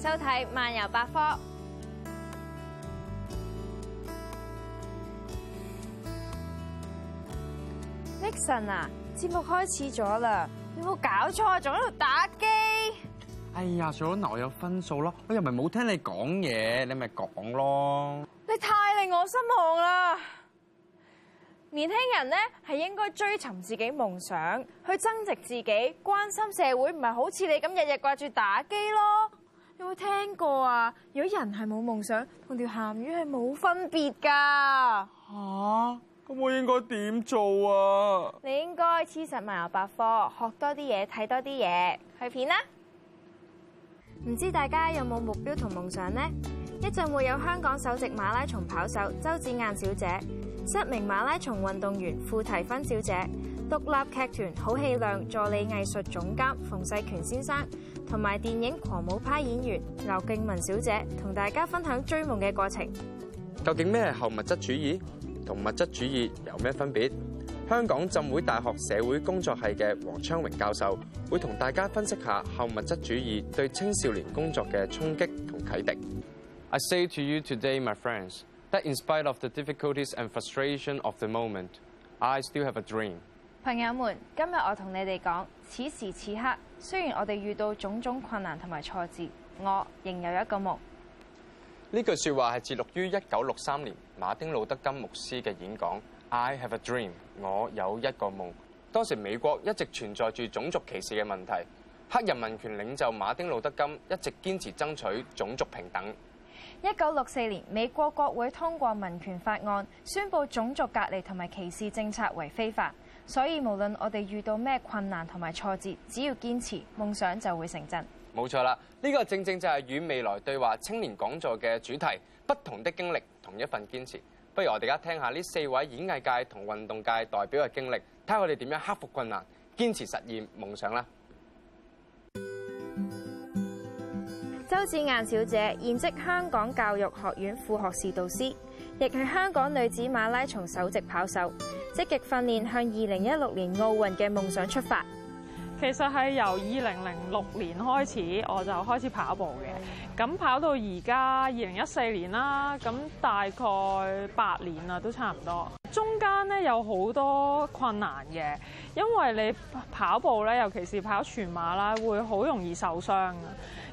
收睇漫遊百科。Nixon 啊，節目開始咗啦，你冇搞錯，仲喺度打機？哎呀，上咗嗱有分數咯，我又咪冇聽你講嘢，你咪講咯。你太令我失望啦！年輕人咧係應該追尋自己夢想，去增值自己，關心社會，唔係好似你咁日日掛住打機咯。有冇聽過啊？如果人係冇夢想，同條鹹魚係冇分別噶吓。咁、啊、我應該點做啊？你應該黐實萬有百科，學多啲嘢，睇多啲嘢，去片啦。唔知大家有冇目標同夢想呢？一陣會有香港首席馬拉松跑手周子雁小姐、失明馬拉松運動員傅提芬小姐、獨立劇團好戲量助理藝術總監馮世權先生。同埋電影《狂舞派》演員劉敬雯小姐同大家分享追夢嘅過程。究竟咩係後物質主義同物質主義有咩分別？香港浸會大學社會工作系嘅黃昌榮教授會同大家分析下後物質主義對青少年工作嘅衝擊同啟迪。I say to you today, my friends, that in spite of the difficulties and frustration of the moment, I still have a dream。朋友們，今日我同你哋講，此時此刻。雖然我哋遇到種種困難同埋挫折，我仍有一個夢。呢句說話係節錄於一九六三年馬丁路德金牧師嘅演講。I have a dream，我有一個夢。當時美國一直存在住種族歧視嘅問題，黑人民權領袖馬丁路德金一直堅持爭取種族平等。一九六四年，美國國會通過《民權法案》，宣布種族隔離同埋歧視政策為非法。所以，無論我哋遇到咩困難同埋挫折，只要堅持，夢想就會成真。冇錯啦，呢個正正就係與未來對話青年講座嘅主題。不同的經歷，同一份堅持。不如我哋而家聽下呢四位演藝界同運動界代表嘅經歷，睇下我哋點樣克服困難，堅持實現夢想啦。周子雁小姐現職香港教育學院副學士導師。亦係香港女子馬拉松首席跑手，積極訓練向二零一六年奧運嘅夢想出發。其實係由二零零六年開始，我就開始跑步嘅。咁跑到而家二零一四年啦，咁大概八年啦，都差唔多。中間咧有好多困難嘅，因為你跑步咧，尤其是跑全馬啦，會好容易受傷。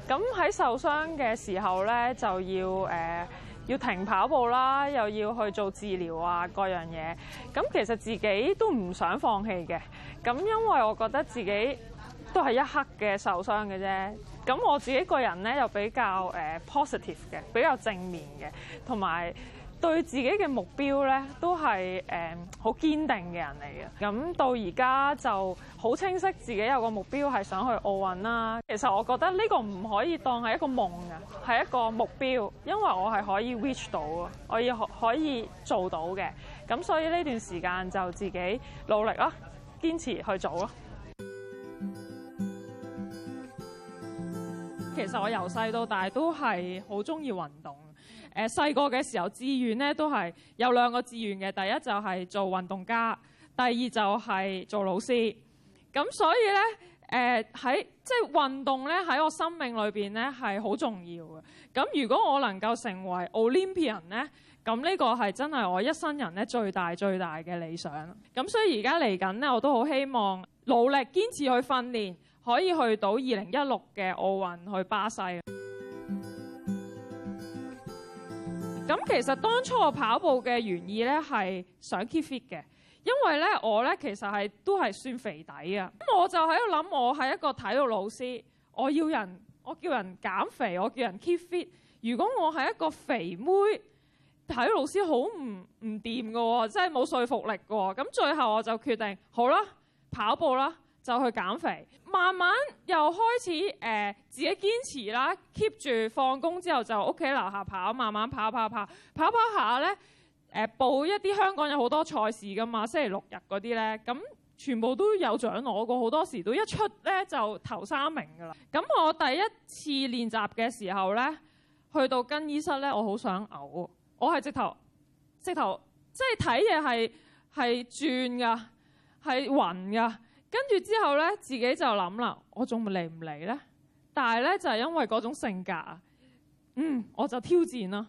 咁喺受傷嘅時候咧，就要、呃要停跑步啦，又要去做治療啊，各樣嘢。咁其實自己都唔想放棄嘅。咁因為我覺得自己都係一刻嘅受傷嘅啫。咁我自己個人呢，又比較誒 positive 嘅，比較正面嘅，同埋。對自己嘅目標咧，都係誒好堅定嘅人嚟嘅。咁到而家就好清晰，自己有個目標係想去奧運啦。其實我覺得呢個唔可以當係一個夢啊，係一個目標，因為我係可以 reach 到我可以可以做到嘅。咁所以呢段時間就自己努力囉，堅持去做咯。其實我由細到大都係好中意運動。誒細個嘅時候，志願咧都係有兩個志願嘅，第一就係做運動家，第二就係做老師。咁所以咧，誒、呃、喺即係運動咧喺我生命裏邊咧係好重要嘅。咁如果我能夠成為 Olympian 咧，咁呢個係真係我一生人咧最大最大嘅理想。咁所以而家嚟緊咧，我都好希望努力堅持去訓練，可以去到二零一六嘅奧運去巴西。咁其實當初我跑步嘅原意呢係想 keep fit 嘅，因為呢我呢其實係都係算肥底啊。咁我就喺度諗，我係一個體育老師，我要人，我叫人減肥，我叫人 keep fit。如果我係一個肥妹，體育老師好唔唔掂㗎喎，真係冇說服力㗎喎。咁最後我就決定好啦，跑步啦。就去減肥，慢慢又開始誒、呃、自己堅持啦，keep 住放工之後就屋企樓下跑，慢慢跑跑跑跑跑下咧，誒、呃、報一啲香港有好多賽事噶嘛，星期六日嗰啲咧，咁全部都有獎攞過，好多時都一出咧就頭三名噶啦。咁我第一次練習嘅時候咧，去到更衣室咧，我好想嘔，我係直頭直頭，即係睇嘢係係轉噶，係暈噶。跟住之後咧，自己就諗啦，我仲嚟唔嚟呢？但係咧就係、是、因為嗰種性格，嗯，我就挑戰啦。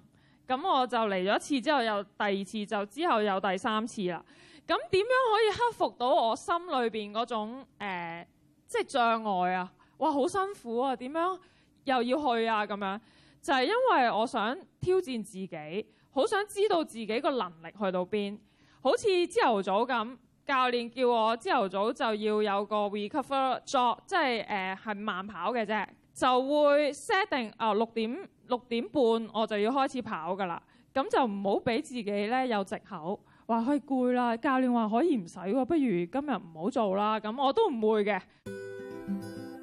咁我就嚟咗一次之後，又第二次，就之後又第三次啦。咁點樣可以克服到我心裏邊嗰種即係、呃就是、障礙啊？哇，好辛苦啊！點樣又要去啊？咁樣就係、是、因為我想挑戰自己，好想知道自己個能力去到邊，好似朝頭早咁。教練叫我朝頭早就要有個 recover 作，即係誒係慢跑嘅啫，就會 set 定啊六點六點半我就要開始跑噶啦，咁就唔好俾自己咧有藉口話去攰啦。教練話可以唔使喎，不如今日唔好做啦。咁我都唔會嘅。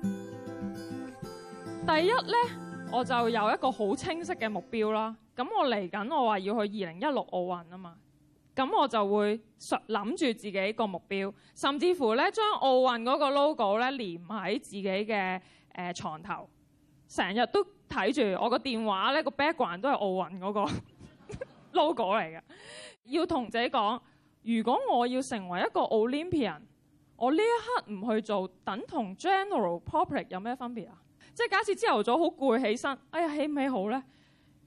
第一咧，我就有一個好清晰嘅目標啦。咁我嚟緊，我話要去二零一六奧運啊嘛。咁我就會諗住自己個目標，甚至乎咧將奧運嗰個 logo 咧連喺自己嘅、呃、牀頭，成日都睇住。我個電話咧個 background 都係奧運嗰個呵呵 logo 嚟嘅。要同自己講，如果我要成為一個 Olympian，我呢一刻唔去做，等同 general public 有咩分別啊？即係假設朝頭早好攰起身，哎呀起唔起好咧？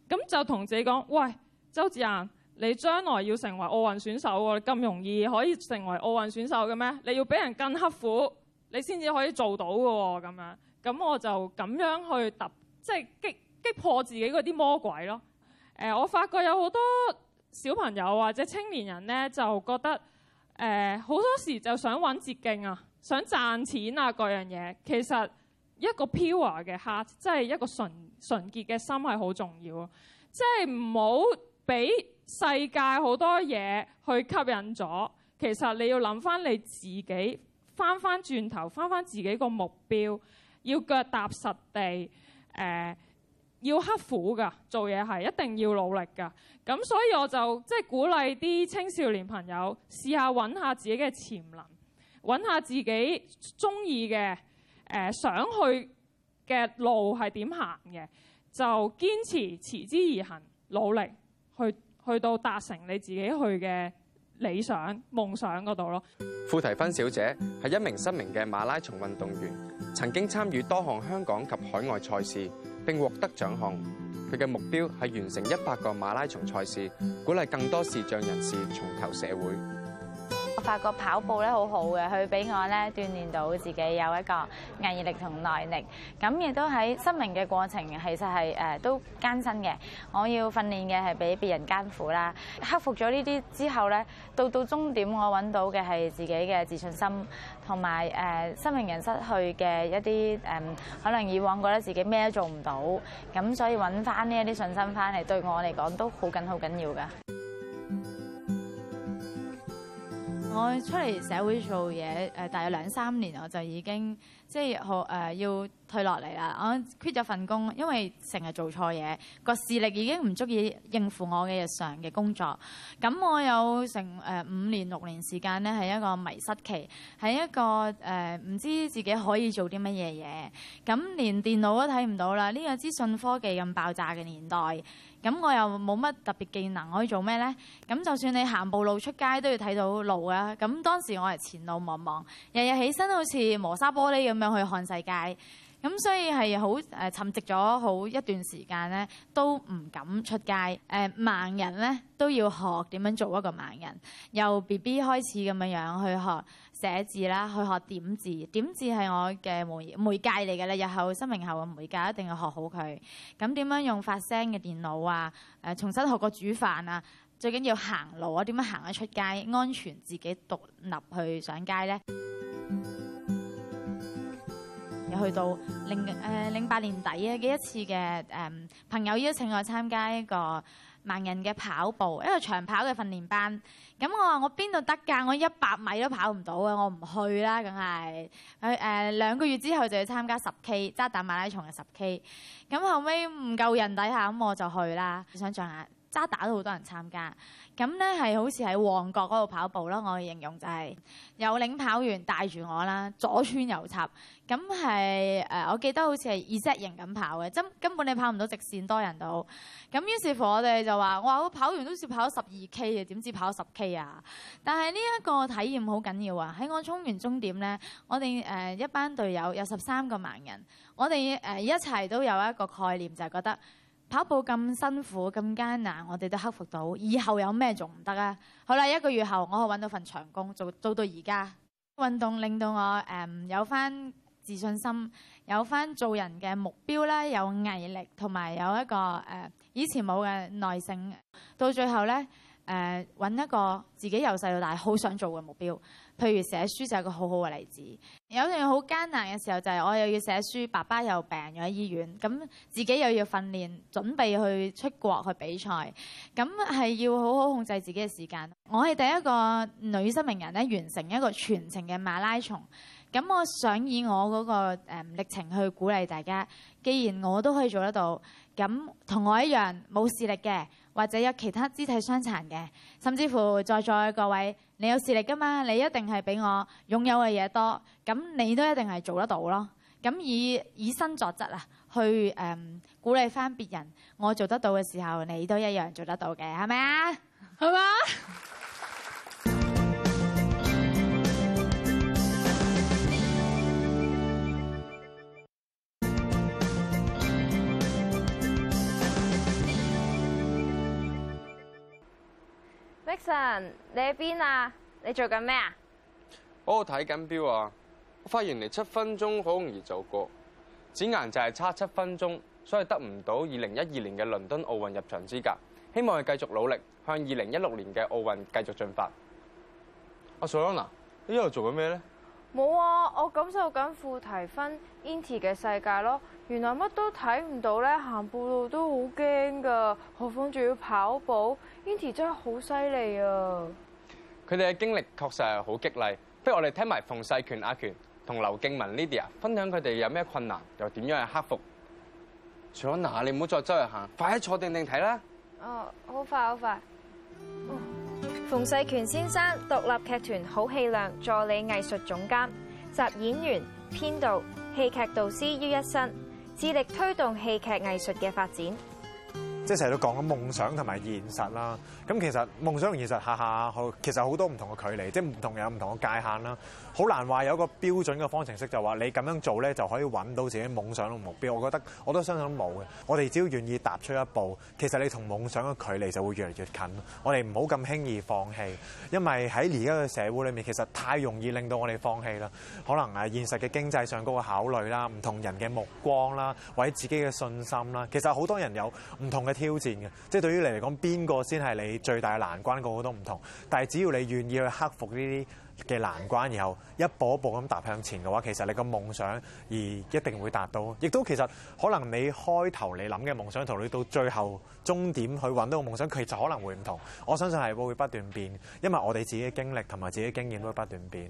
咁就同自己講，喂，周子雁。你將來要成為奧運選手喎？你咁容易可以成為奧運選手嘅咩？你要俾人更刻苦，你先至可以做到嘅喎、哦。咁樣，咁我就咁樣去突，即係擊擊破自己嗰啲魔鬼咯。誒、呃，我發覺有好多小朋友或者青年人咧，就覺得誒好、呃、多時候就想揾捷徑啊，想賺錢啊各樣嘢。其實一個 pure 嘅 heart，即係一個純純潔嘅心係好重要，即係唔好。俾世界好多嘢去吸引咗，其實你要諗翻你自己，翻翻轉頭，翻翻自己個目標，要腳踏實地，誒、呃，要刻苦噶，做嘢係一定要努力噶。咁所以我就即係、就是、鼓勵啲青少年朋友試下揾下自己嘅潛能，揾下自己中意嘅誒想去嘅路係點行嘅，就堅持持之以恆，努力。去去到達成你自己去嘅理想夢想嗰度咯。傅提芬小姐係一名失明嘅馬拉松運動員，曾經參與多項香港及海外賽事，並獲得獎項，佢嘅目標係完成一百個馬拉松賽事，鼓勵更多視障人士重投社會。我發覺跑步咧好好嘅，佢俾我咧鍛鍊到自己有一個毅力同耐力。咁亦都喺失明嘅過程，其實係誒都艱辛嘅。我要訓練嘅係比別人艱苦啦。克服咗呢啲之後咧，到到終點，我揾到嘅係自己嘅自信心，同埋誒失明人失去嘅一啲誒，可能以往覺得自己咩都做唔到，咁所以揾翻呢一啲信心翻嚟，對我嚟講都好緊好緊要㗎。我出嚟社會做嘢誒，大約兩三年我就已經即係好誒要退落嚟啦。我 quit 咗份工，因為成日做錯嘢，個視力已經唔足以應付我嘅日常嘅工作。咁我有成誒、呃、五年六年時間咧，係一個迷失期，係一個誒唔、呃、知自己可以做啲乜嘢嘢。咁連電腦都睇唔到啦。呢個資訊科技咁爆炸嘅年代。咁我又冇乜特別技能可以做咩呢？咁就算你行步路出街都要睇到路呀。咁當時我係前路茫茫，日日起身好似磨砂玻璃咁樣去看世界。咁所以係好、呃、沉寂咗好一段時間呢，都唔敢出街。呃、盲人呢都要學點樣做一個盲人，由 B B 開始咁樣樣去學。寫字啦，去學點字，點字係我嘅媒媒介嚟嘅咧。日後生命後嘅媒介一定要學好佢。咁點樣用發聲嘅電腦啊？誒、呃，重新學過煮飯啊，最緊要行路啊，點樣行得出街，安全自己獨立去上街咧？ 又去到零誒、呃、零八年底嘅一次嘅誒、呃、朋友邀請我參加一個。盲人嘅跑步，一個長跑嘅訓練班。咁我話我邊度得噶？我一百米都跑唔到呀，我唔去啦，梗係。佢、呃、誒，兩個月之後就要參加十 K，渣打馬拉松嘅十 K。咁後尾唔夠人底下，咁我就去啦。想象下。渣打都好多人參加，咁咧係好似喺旺角嗰度跑步咯。我嘅形容就係、是、有領跑員帶住我啦，左穿右插，咁係誒，我記得好似係 Z 字型咁跑嘅。真，根本你跑唔到直線多人到。咁於是乎我哋就話：我話我跑完都似跑咗十二 K 嘅，點知跑十 K 啊？但係呢一個體驗好緊要啊！喺我衝完終點咧，我哋誒一班隊友有十三個盲人，我哋誒一齊都有一個概念，就係、是、覺得。跑步咁辛苦咁艱難，我哋都克服到。以後有咩仲唔得啊？好啦，一個月後我揾到份長工，做做到而家。運、這個、動令到我誒、呃、有返自信心，有返做人嘅目標啦，有毅力同埋有一個誒、呃、以前冇嘅耐性。到最後咧誒，揾、呃、一個自己由細到大好想做嘅目標。譬如寫書就係個好好嘅例子。有段好艱難嘅時候就係我又要寫書，爸爸又病咗喺醫院，咁自己又要訓練準備去出國去比賽，咁係要好好控制自己嘅時間。我係第一個女失明人咧，完成一個全程嘅馬拉松，咁我想以我嗰個誒歷程去鼓勵大家，既然我都可以做得到，咁同我一樣冇視力嘅，或者有其他肢體傷殘嘅，甚至乎在座各位。你有視力㗎嘛？你一定係比我擁有嘅嘢多，咁你都一定係做得到咯。咁以以身作則啊，去、呃、鼓勵返別人，我做得到嘅時候，你都一樣做得到嘅，係咪啊？係 嘛？神，你喺邊啊？你做緊咩啊？我睇緊表啊，我發現你七分鐘好容易就過，子雁就係差七分鐘，所以得唔到二零一二年嘅倫敦奧運入場資格。希望你繼續努力，向二零一六年嘅奧運繼續進發。阿索 a 呢一度做緊咩咧？冇啊！我感受緊傅提芬 Yancy 嘅世界咯，原來乜都睇唔到咧，行步路都好驚噶，何況仲要跑步 Yancy 真係好犀利啊！佢哋嘅經歷確實係好激勵，不如我哋聽埋馮世權阿權同劉敬雯呢啲啊，Lydia, 分享佢哋有咩困難，又點樣去克服？除咗嗱，你唔好再周圍行，快啲坐定定睇啦！哦，好快，好快。嗯馮世權先生，獨立劇團好戲量助理藝術總監，集演員、編導、戲劇導師於一身，致力推動戲劇藝術嘅發展。即係成日都講緊夢想同埋現實啦，咁其實夢想同現實下下，其實好多唔同嘅距離，即係唔同有唔同嘅界限啦，好難話有一個標準嘅方程式就話、是、你咁樣做呢，就可以揾到自己夢想同目標。我覺得我都相信冇嘅。我哋只要願意踏出一步，其實你同夢想嘅距離就會越嚟越近。我哋唔好咁輕易放棄，因為喺而家嘅社會裏面，其實太容易令到我哋放棄啦。可能係現實嘅經濟上嗰個考慮啦，唔同人嘅目光啦，或者自己嘅信心啦，其實好多人有唔同嘅挑戰嘅，即係對於你嚟講，邊個先係你最大嘅難關，個個都唔同。但係只要你願意去克服呢啲嘅難關，然後一步一步咁踏向前嘅話，其實你個夢想而一定會達到。亦都其實可能你開頭你諗嘅夢想，同你到最後終點去揾到個夢想，其實可能會唔同。我相信係會不斷變，因為我哋自己嘅經歷同埋自己嘅經驗都會不斷變。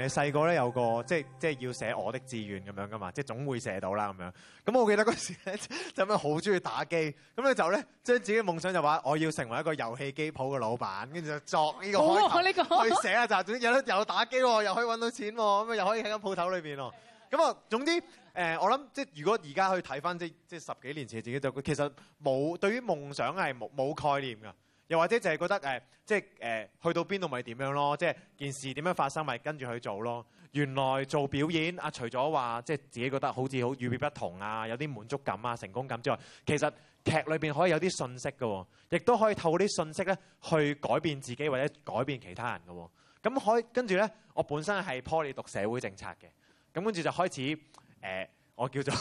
你細個咧有個即係即係要寫我的志願咁樣噶嘛，即總會寫到啦咁樣。咁我記得嗰時咧就咁好中意打機，咁咧就咧將自己嘅夢想就話我要成為一個遊戲機鋪嘅老闆，跟住就作呢個開頭去寫一集，有得 又打機喎，又可以揾到錢喎，咁又可以喺間鋪頭裏邊喎。咁啊總之、呃、我諗即如果而家去睇翻即即十幾年前自己就其實冇對於夢想係冇冇概念㗎。又或者就係覺得誒，即係誒，去到邊度咪點樣咯？即係件事點樣發生咪跟住去做咯。原來做表演啊，除咗話即係自己覺得好似好與別不同啊，有啲滿足感啊、成功感之外，其實劇裏邊可以有啲信息嘅，亦都可以透過啲信息咧去改變自己或者改變其他人嘅。咁開跟住咧，我本身係 Poly 讀社會政策嘅，咁跟住就開始誒，我叫做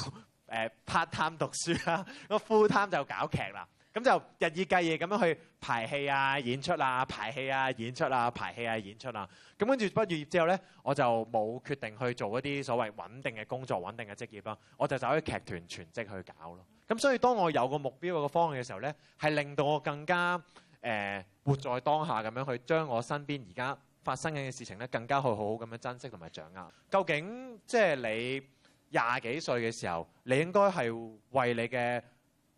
誒 part time 讀書啦，個 full time 就搞劇啦。咁就日以繼夜咁樣去排戲啊、演出啊、排戲啊、演出啊、排戲啊、演出啊。咁跟住畢業之後呢，我就冇決定去做一啲所謂穩定嘅工作、穩定嘅職業啦。我就走去劇團全職去搞咯。咁所以當我有個目標、有個方向嘅時候呢，係令到我更加誒、呃、活在當下，咁樣去將我身邊而家發生緊嘅事情呢更加去好好咁樣珍惜同埋掌握。究竟即係、就是、你廿幾歲嘅時候，你應該係為你嘅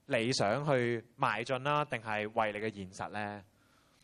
理想去邁進啦，定係為你嘅現實咧？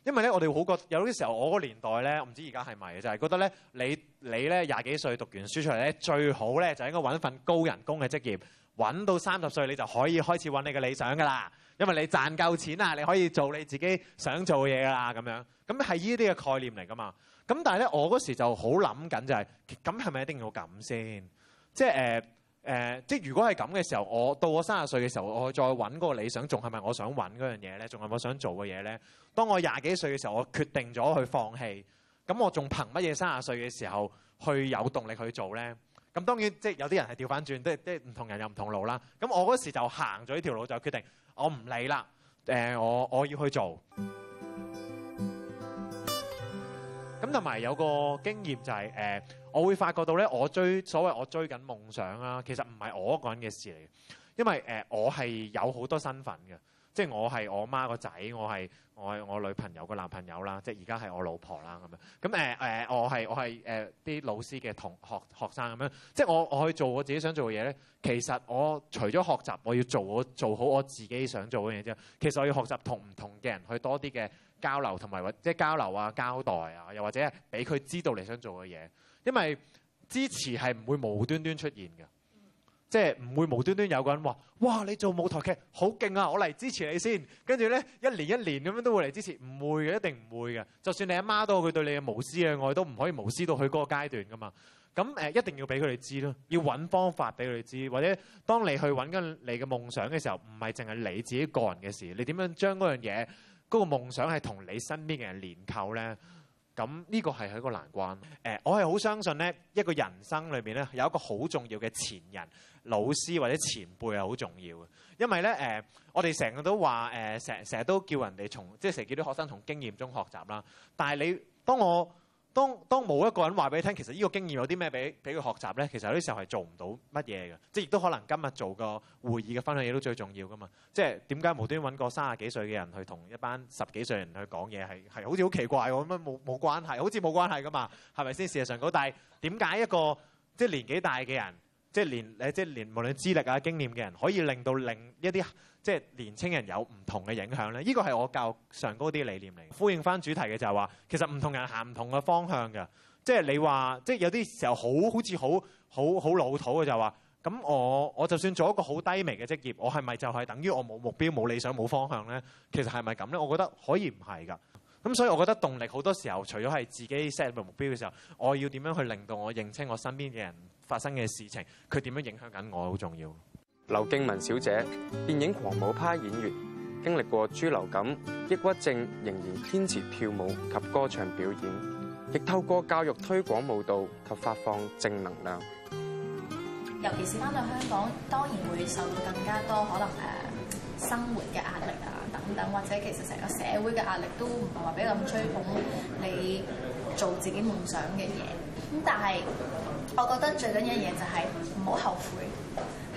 因為咧，我哋好覺有啲時候，我嗰年代咧，唔知而家係咪，就係覺得咧，你你咧廿幾歲讀完書出嚟咧，最好咧就應該揾份高人工嘅職業，揾到三十歲你就可以開始揾你嘅理想噶啦。因為你賺夠錢啦，你可以做你自己想做嘅嘢噶啦，咁樣咁係依啲嘅概念嚟噶嘛。咁但係咧，我嗰時就好諗緊就係，咁係咪一定要咁先？即係誒誒、呃，即係如果係咁嘅時候，我到我三十歲嘅時候，我再揾嗰個理想，仲係咪我想揾嗰樣嘢咧？仲係我想做嘅嘢咧？當我廿幾歲嘅時候，我決定咗去放棄，咁我仲憑乜嘢三十歲嘅時候去有動力去做咧？咁當然，即係有啲人係掉翻轉，即係即係唔同人又唔同路啦。咁我嗰時就行咗呢條路，就決定我唔理啦。誒，我不了、呃、我，我要去做。咁同埋有個經驗就係、是呃、我會發覺到咧，我追所謂我追緊夢想啊，其實唔係我一個人嘅事嚟嘅，因為、呃、我係有好多身份嘅，即係我係我媽個仔，我係我我女朋友個男朋友啦，即係而家係我老婆啦，咁樣咁、嗯呃、我係我係啲、呃、老師嘅同學學生咁樣，即係我我去做我自己想做嘅嘢咧。其實我除咗學習，我要做我做好我自己想做嘅嘢之外，其實我要學習同唔同嘅人去多啲嘅。交流同埋即係交流啊、交代啊，又或者俾佢知道你想做嘅嘢，因為支持係唔會無端端出現嘅，即係唔會無端端有個人話：「哇！你做舞台劇好勁啊，我嚟支持你先。」跟住咧，一年一年咁樣都會嚟支持，唔會嘅，一定唔會嘅。就算你阿媽都佢對你嘅無私嘅愛，都唔可以無私到去嗰個階段噶嘛。咁誒、呃，一定要俾佢哋知咯，要揾方法俾佢哋知，或者當你去揾緊你嘅夢想嘅時候，唔係淨係你自己個人嘅事，你點樣將嗰樣嘢嗰、那個夢想係同你身邊嘅人連扣呢。咁呢個係一個難關，啊。誒、呃，我係好相信呢，一個人生裏面呢，有一個好重要嘅前人、老師或者前輩係好重要嘅，因為呢，誒、呃，我哋成日都話誒，成成日都叫人哋從，即係成日叫啲學生從經驗中學習啦。但係你當我當當冇一個人話俾你聽，其實呢個經驗有啲咩俾俾佢學習咧，其實有啲時候係做唔到乜嘢嘅，即係亦都可能今日做個會議嘅分享嘢都最重要噶嘛。即係點解無端揾個三十幾歲嘅人去同一班十幾歲的人去講嘢係係好似好奇怪咁樣冇冇關係好似冇關係噶嘛，係咪先？事實上嗰但係點解一個即係年紀大嘅人？即係年，即係年，無論資歷啊、經驗嘅人，可以令到另一啲即係年青人有唔同嘅影響咧。呢個係我教育上高啲理念嚟。呼應翻主題嘅就係話，其實唔同人行唔同嘅方向㗎。即係你話，即係有啲時候好好似好好好老土嘅就係話，咁我我就算做一個好低微嘅職業，我係咪就係等於我冇目標、冇理想、冇方向咧？其實係咪咁咧？我覺得可以唔係㗎。咁所以我覺得動力好多時候，除咗係自己 set 個目標嘅時候，我要點樣去令到我認清我身邊嘅人？發生嘅事情，佢點樣影響緊我，好重要。劉敬雯小姐，電影狂舞派演員，經歷過豬流感、抑鬱症，仍然堅持跳舞及歌唱表演，亦透過教育推廣舞蹈及發放正能量。尤其是翻到香港，當然會受到更加多可能誒生活嘅壓力啊等等，或者其實成個社會嘅壓力都唔係話比較追捧你做自己夢想嘅嘢咁，但係。我覺得最緊要嘅嘢就係唔好後悔，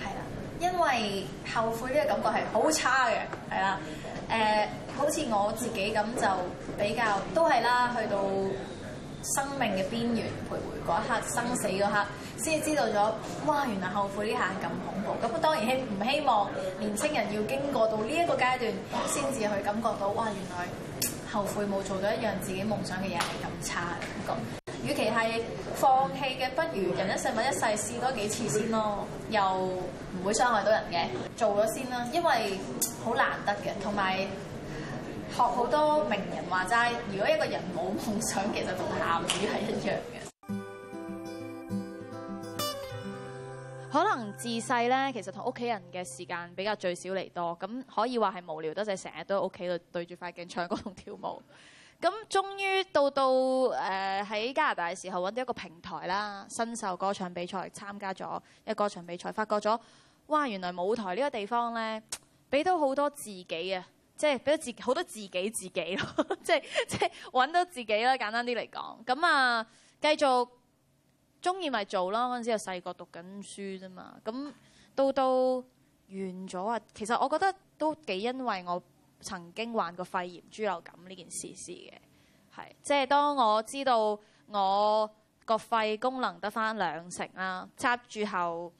係啦，因為後悔呢個感覺係好差嘅，係啦，誒、呃，好似我自己咁就比較都係啦，去到生命嘅邊緣徘徊嗰一刻，生死嗰刻，先知道咗，哇，原來後悔呢下咁恐怖，咁當然希唔希望年青人要經過到呢一個階段，先至去感覺到，哇，原來後悔冇做到一樣自己夢想嘅嘢係咁差嘅感覺。與其係放棄嘅，不如人一世物一世試多幾次先咯，又唔會傷害到人嘅，做咗先啦。因為好難得嘅，同埋學好多名人話齋，如果一個人冇夢想，其實同鹹魚係一樣嘅。 可能自細咧，其實同屋企人嘅時間比較最少嚟多，咁可以話係無聊多謝，成日都喺屋企度對住塊鏡唱歌同跳舞。咁終於到到誒喺、呃、加拿大嘅時候揾到一個平台啦，新秀歌唱比賽參加咗一個歌唱比賽，發覺咗哇原來舞台呢個地方咧，俾到好多自己啊，即係俾到自好多自己自己咯， 即係即係揾到自己啦，簡單啲嚟講。咁啊，繼續中意咪做咯，嗰陣時又細個讀緊書啫嘛。咁到到完咗啊，其實我覺得都幾因為我。曾經患過肺炎、豬流感呢件事事嘅，係即係當我知道我個肺功能得返兩成啦，插住後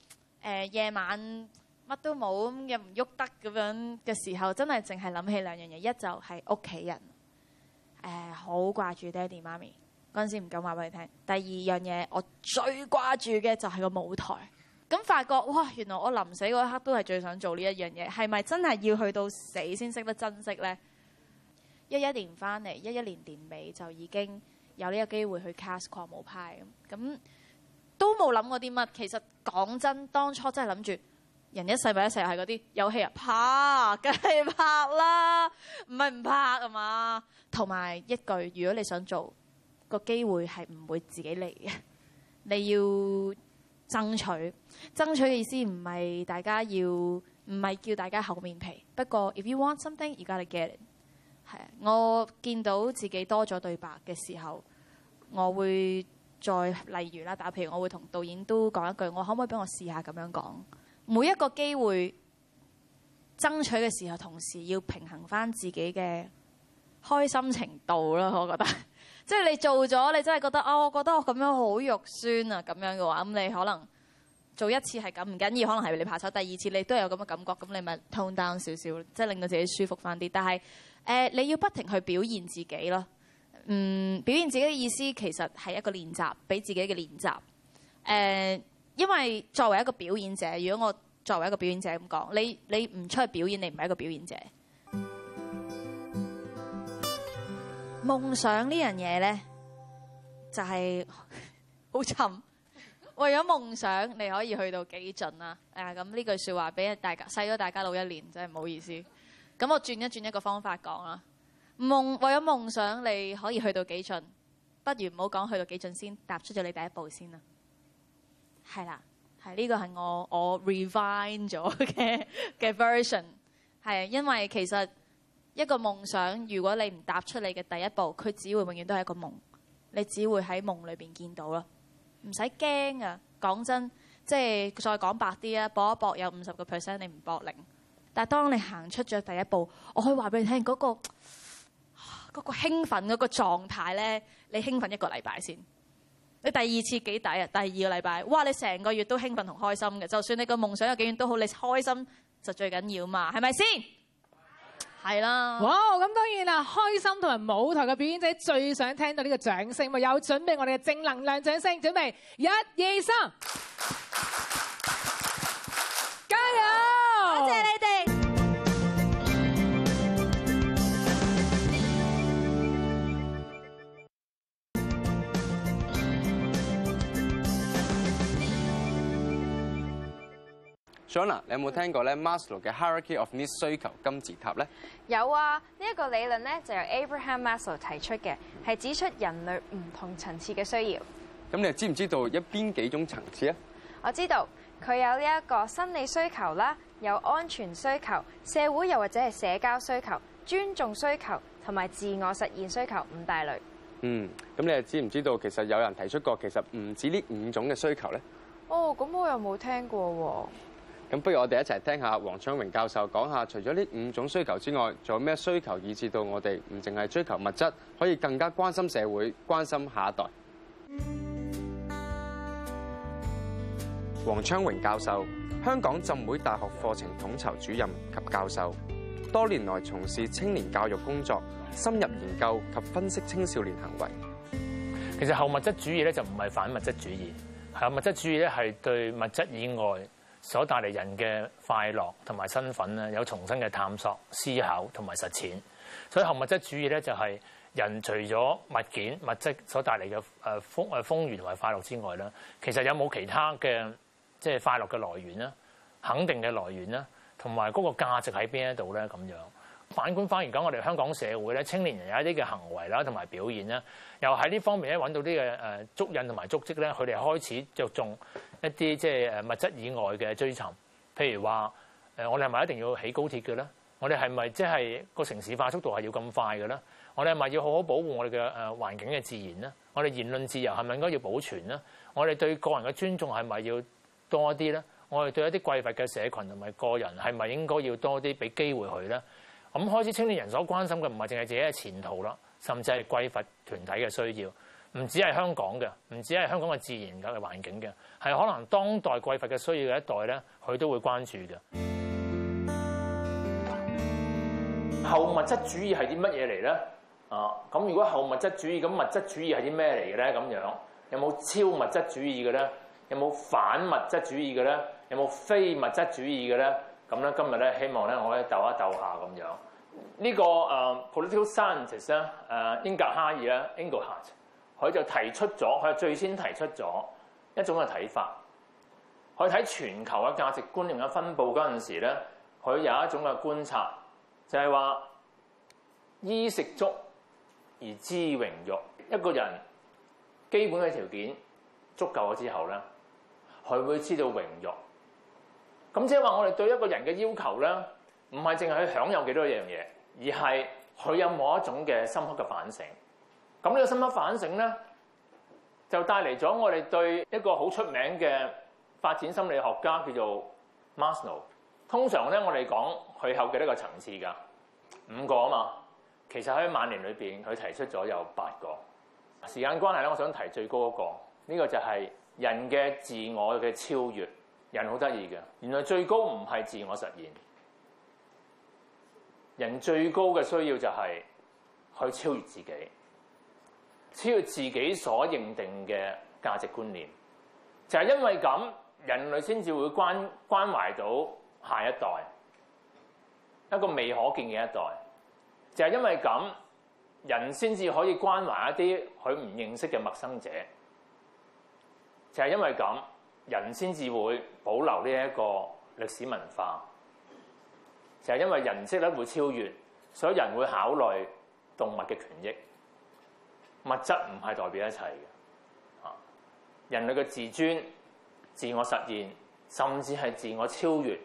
誒夜、呃、晚乜都冇，又唔喐得咁樣嘅時候，真係淨係諗起兩樣嘢，一就係屋企人，誒好掛住爹哋媽咪，嗰陣時唔敢話俾你聽。第二樣嘢，我最掛住嘅就係個舞台。咁發覺哇，原來我臨死嗰一刻都係最想做呢一樣嘢，係咪真係要去到死先識得珍惜呢？一一年翻嚟，一一年年尾就已經有呢個機會去 cast 狂舞派咁，都冇諗過啲乜。其實講真，當初真係諗住人一世物一世係嗰啲，有戲啊拍梗係拍啦，唔係唔拍係嘛？同埋一句，如果你想做，個機會係唔會自己嚟嘅，你要，爭取，爭取嘅意思唔係大家要，唔係叫大家厚面皮。不過，if you want something, you gotta get it。係啊，我見到自己多咗對白嘅時候，我會再例如啦，打譬如，我會同導演都講一句，我可唔可以俾我試下咁樣講？每一個機會爭取嘅時候，同時要平衡翻自己嘅開心程度囉，我覺得。即係你做咗，你真係覺得啊、哦，我覺得我咁樣好肉酸啊，咁樣嘅話，咁、嗯、你可能做一次係咁唔緊要，可能係你怕醜，第二次，你都有咁嘅感覺，咁你咪通 down 少少，即係令到自己舒服翻啲。但係誒、呃，你要不停去表現自己咯。嗯，表現自己嘅意思其實係一個練習，俾自己嘅練習。誒、呃，因為作為一個表演者，如果我作為一個表演者咁講，你你唔出去表演，你唔係一個表演者。夢想呢樣嘢呢，就係、是、好 沉。為咗夢想，你可以去到幾盡啊？啊，咁呢句説話俾大家細咗大家老一年，真係唔好意思。咁我轉一轉一個方法講啦。夢為咗夢想，你可以去到幾盡？不如唔好講去到幾盡先，踏出咗你第一步先啦。係啦，係呢個係我我 revise 咗嘅嘅 version。係因為其實。一個夢想，如果你唔踏出你嘅第一步，佢只會永遠都係一個夢，你只會喺夢裏邊見到咯。唔使驚啊，講真，即係再講白啲啊，搏一搏有五十個 percent，你唔搏零。但係當你行出咗第一步，我可以話俾你聽，嗰個嗰個興奮嗰個狀態咧，你興奮一個禮拜先，你第二次幾抵啊？第二個禮拜，哇！你成個月都興奮同開心嘅，就算你個夢想有幾遠都好，你開心就最緊要嘛，係咪先？係啦，哇！咁當然啦，開心同埋舞台嘅表演者最想聽到呢個掌聲，有準備我哋嘅正能量掌聲，準備一、二、三。John, 你有冇聽過咧？Maslow 嘅《Hierarchy of Needs、nice》需求金字塔咧？有啊，呢、這、一個理論咧就由 Abraham Maslow 提出嘅，係指出人類唔同層次嘅需要。咁、嗯、你係知唔知道有邊幾種層次啊？我知道佢有呢、這、一個生理需求啦，有安全需求、社會又或者係社交需求、尊重需求同埋自我實現需求五大類。嗯，咁你又知唔知道其實有人提出過，其實唔止呢五種嘅需求咧？哦，咁我又冇聽過喎。咁不如我哋一齊聽下黃昌榮教授講下，除咗呢五種需求之外，仲有咩需求，以致到我哋唔淨係追求物質，可以更加關心社會、關心下一代。黃昌榮教授，香港浸會大學課程統籌主任及教授，多年來從事青年教育工作，深入研究及分析青少年行為。其實後物質主義咧就唔係反物質主義，係物質主義咧係對物質以外，所帶嚟人嘅快樂同埋身份咧，有重新嘅探索、思考同埋實踐，所以後物質主義咧，就係人除咗物件、物質所帶嚟嘅誒豐誒豐裕同埋快樂之外咧，其實有冇其他嘅即係快樂嘅來源咧？肯定嘅來源咧，同埋個價值喺邊一度咧？咁樣。反觀翻而講，我哋香港社會咧，青年人有一啲嘅行為啦，同埋表現啦，又喺呢方面咧揾到啲嘅誒足印同埋足跡咧。佢哋開始着重一啲即係誒物質以外嘅追尋，譬如話誒，我哋係咪一定要起高鐵嘅咧？我哋係咪即係個城市化速度係要咁快嘅咧？我哋係咪要好好保護我哋嘅誒環境嘅自然咧？我哋言論自由係咪應該要保存咧？我哋對個人嘅尊重係咪要多啲咧？我哋對一啲匱乏嘅社群同埋個人係咪應該要多啲俾機會佢咧？咁開始，青年人所關心嘅唔係淨係自己嘅前途咯，甚至係貴佛團體嘅需要，唔止係香港嘅，唔止係香港嘅自然界嘅環境嘅，係可能當代貴佛嘅需要嘅一代咧，佢都會關注嘅。後物質主義係啲乜嘢嚟咧？啊，咁如果後物質主義，咁物質主義係啲咩嚟嘅咧？咁樣有冇超物質主義嘅咧？有冇反物質主義嘅咧？有冇非物質主義嘅咧？咁咧今日咧希望咧我可以鬥一鬥一下咁樣。呢個誒 political scientist 咧誒英格哈爾咧 Inglehart 佢就提出咗，佢最先提出咗一種嘅睇法。佢睇全球嘅價值觀念嘅分佈嗰陣時咧，佢有一種嘅觀察，就係話衣食足而知榮辱。一個人基本嘅條件足夠咗之後咧，佢會知道榮辱。咁即係話我哋對一個人嘅要求咧，唔係淨係去享有幾多樣嘢，而係佢有冇一種嘅深刻嘅反省。咁呢個深刻反省咧，就帶嚟咗我哋對一個好出名嘅發展心理學家叫做 Maslow。通常咧我哋講佢有幾多個層次噶，五個啊嘛。其實喺晚年裏邊，佢提出咗有八個。時間關係咧，我想提最高嗰個，呢個就係人嘅自我嘅超越。人好得意嘅，原來最高唔係自我實現，人最高嘅需要就係去超越自己，超越自己所認定嘅價值觀念。就係因為咁，人類先至會關關懷到下一代，一個未可見嘅一代。就係因為咁，人先至可以關懷一啲佢唔認識嘅陌生者。就係因為咁。人先至會保留呢一個歷史文化，就係因為人識咧會超越，所以人會考慮動物嘅權益。物質唔係代表一切嘅，人類嘅自尊、自我實現，甚至係自我超越，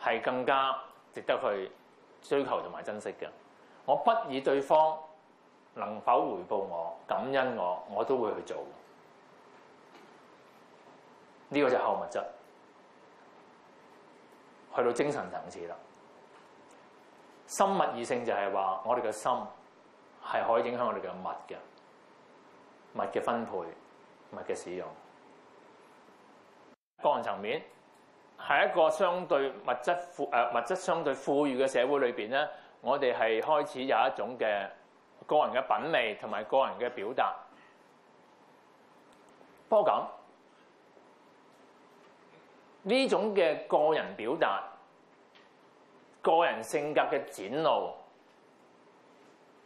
係更加值得去追求同埋珍惜嘅。我不以對方能否回報我、感恩我，我都會去做。呢個就係後物質，去到精神層次啦。心物異性就係話，我哋嘅心係可以影響我哋嘅物嘅物嘅分配、物嘅使用。個人層面係一個相對物質富誒物質相對富裕嘅社會裏邊咧，我哋係開始有一種嘅個人嘅品味同埋個人嘅表達。不過咁。呢種嘅個人表達、個人性格嘅展露、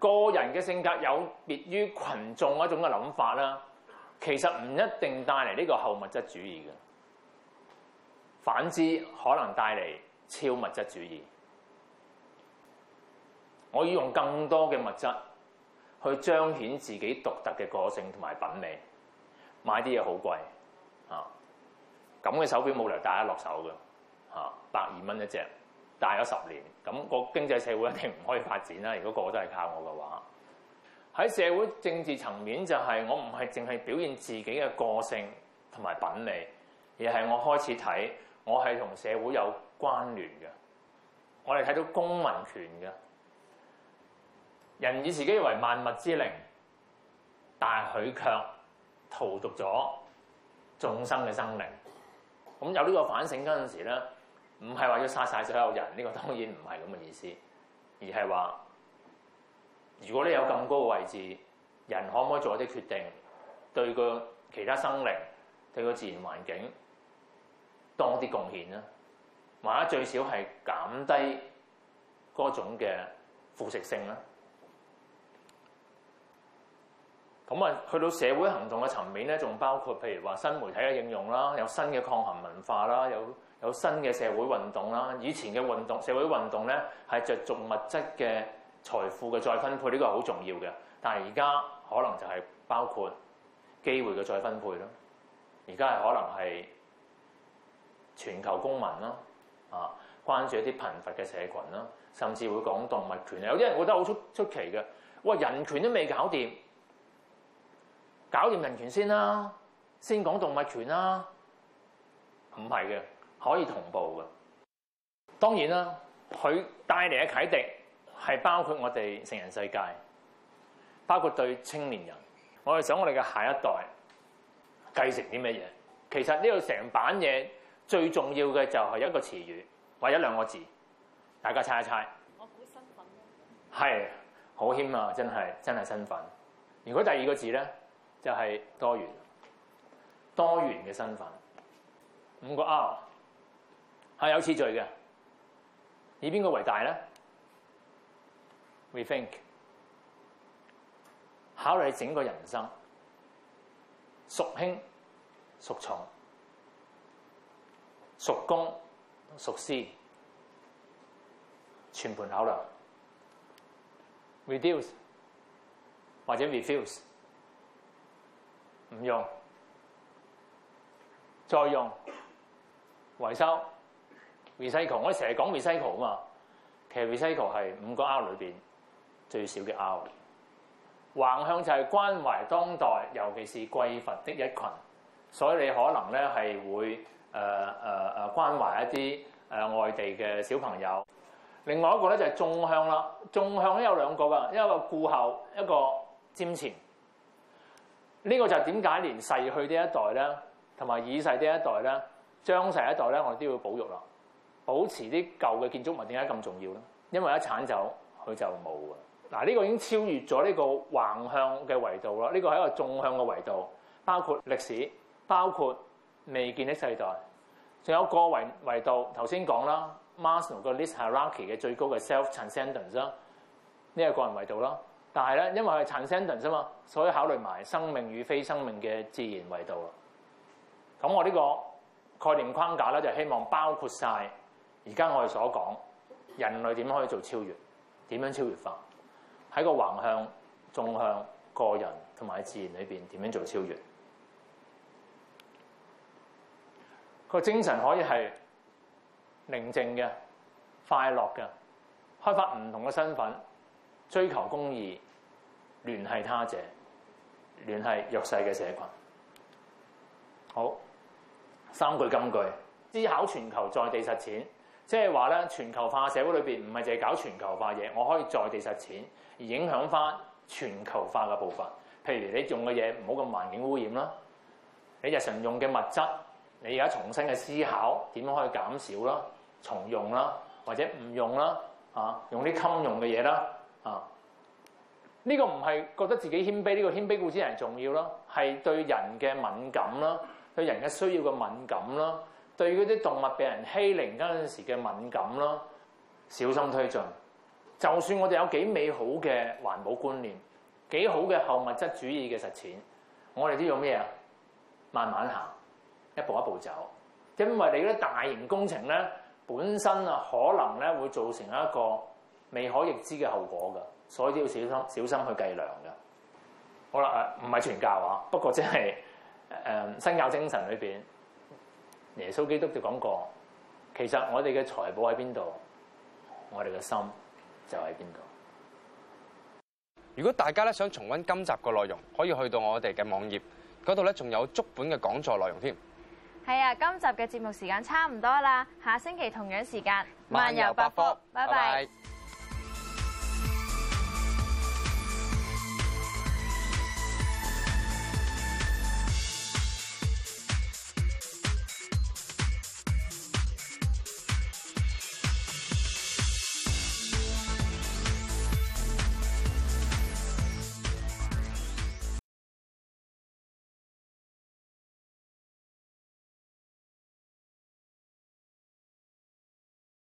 個人嘅性格有別於群眾一種嘅諗法啦，其實唔一定帶嚟呢個後物質主義嘅，反之可能帶嚟超物質主義。我要用更多嘅物質去彰顯自己獨特嘅個性同埋品味，買啲嘢好貴啊！咁嘅手錶冇理由戴得落手嘅，吓百二蚊一隻，戴咗十年。咁個經濟社會一定唔可以發展啦。如果個個都係靠我嘅話，喺社會政治層面就係我唔係淨係表現自己嘅個性同埋品味，而係我開始睇我係同社會有關聯嘅。我哋睇到公民權嘅人以自己為萬物之靈，但係佢卻荼毒咗眾生嘅生靈。咁有呢個反省嗰陣時咧，唔係話要殺曬所有人，呢個當然唔係咁嘅意思，而係話如果你有咁高嘅位置，人可唔可以做一啲決定，對個其他生靈、對個自然環境多啲貢獻啦，或者最少係減低嗰種嘅腐蝕性啦。咁啊，去到社會行動嘅層面咧，仲包括譬如話新媒體嘅應用啦，有新嘅抗衡文化啦，有有新嘅社會運動啦。以前嘅運動，社會運動咧係着重物質嘅財富嘅再分配，呢個係好重要嘅。但係而家可能就係包括機會嘅再分配囉。而家係可能係全球公民啦，啊，關注一啲貧乏嘅社群啦，甚至會講動物權。有啲人覺得好出出奇嘅，哇！人權都未搞掂。搞掂人權先啦、啊，先講動物權啦、啊，唔係嘅，可以同步嘅。當然啦，佢帶嚟嘅啟迪係包括我哋成人世界，包括對青年人，我哋想我哋嘅下一代繼承啲乜嘢。其實呢個成版嘢最重要嘅就係一個詞語或者兩個字，大家猜一猜。我估身份。係，好謙啊，謙真係真係身份。如果第二個字咧？就係、是、多元，多元嘅身份，五個 R 係有次序嘅，以邊個為大咧？Rethink 考慮你整個人生，孰輕孰重，孰公孰私，全盤考慮。Reduce 或者 refuse。唔用，再用，維修。recycle 我成日講 recycle 啊嘛，其實 recycle 係五個 R 裏面最少嘅 R。橫向就係關懷當代，尤其是匱乏的一群，所以你可能咧係會、呃呃、關懷一啲、呃、外地嘅小朋友。另外一個咧就係縱向啦，縱向都有兩個㗎，一個顧後，一個瞻前。呢個就係點解連逝去呢一代咧，同埋已逝呢一代咧，將逝一代咧，我哋都要保育咯。保持啲舊嘅建築物點解咁重要咧？因為一剷走佢就冇啊！嗱，呢個已經超越咗呢個橫向嘅維度啦，呢個係一個縱向嘅維度，包括歷史，包括未見的世代，仲有個維維度。頭先講啦，Maslow 嘅 List hierarchy 嘅最高嘅 self transcendence 啦，呢個個人維度啦。但係咧，因為係 transcendence 啫嘛，所以考慮埋生命與非生命嘅自然維度咯。咁我呢個概念框架咧，就希望包括曬而家我哋所講人類點樣可以做超越，點樣超越法喺個橫向、縱向、個人同埋自然裏面點樣做超越。那個精神可以係寧靜嘅、快樂嘅，開發唔同嘅身份。追求公義，聯繫他者，聯繫弱勢嘅社群。好三句金句，思考全球在地實踐，即係話咧，全球化社會裏邊唔係淨係搞全球化嘢，我可以在地實踐而影響翻全球化嘅部分。譬如你用嘅嘢唔好咁環境污染啦，你日常用嘅物質，你而家重新嘅思考點樣可以減少啦、重用啦，或者唔用啦啊，用啲襟用嘅嘢啦。啊！呢個唔係覺得自己謙卑，呢個謙卑故之人重要啦，係對人嘅敏感啦，對人嘅需要嘅敏感啦，對嗰啲動物被人欺凌嗰陣時嘅敏感啦，小心推進。就算我哋有幾美好嘅環保觀念，幾好嘅後物質主義嘅實踐，我哋都要咩啊？慢慢行，一步一步走，因為你啲大型工程咧，本身啊可能咧會造成一個未可逆知嘅後果㗎，所以都要小心小心去計量㗎。好啦，誒唔係全教啊，不過即係誒新教精神裏邊，耶穌基督就講過，其實我哋嘅財寶喺邊度，我哋嘅心就喺邊度。如果大家咧想重溫今集嘅內容，可以去到我哋嘅網頁嗰度咧，仲有足本嘅講座內容添。係啊，今集嘅節目時間差唔多啦，下星期同樣時間漫遊百科，拜拜。拜拜。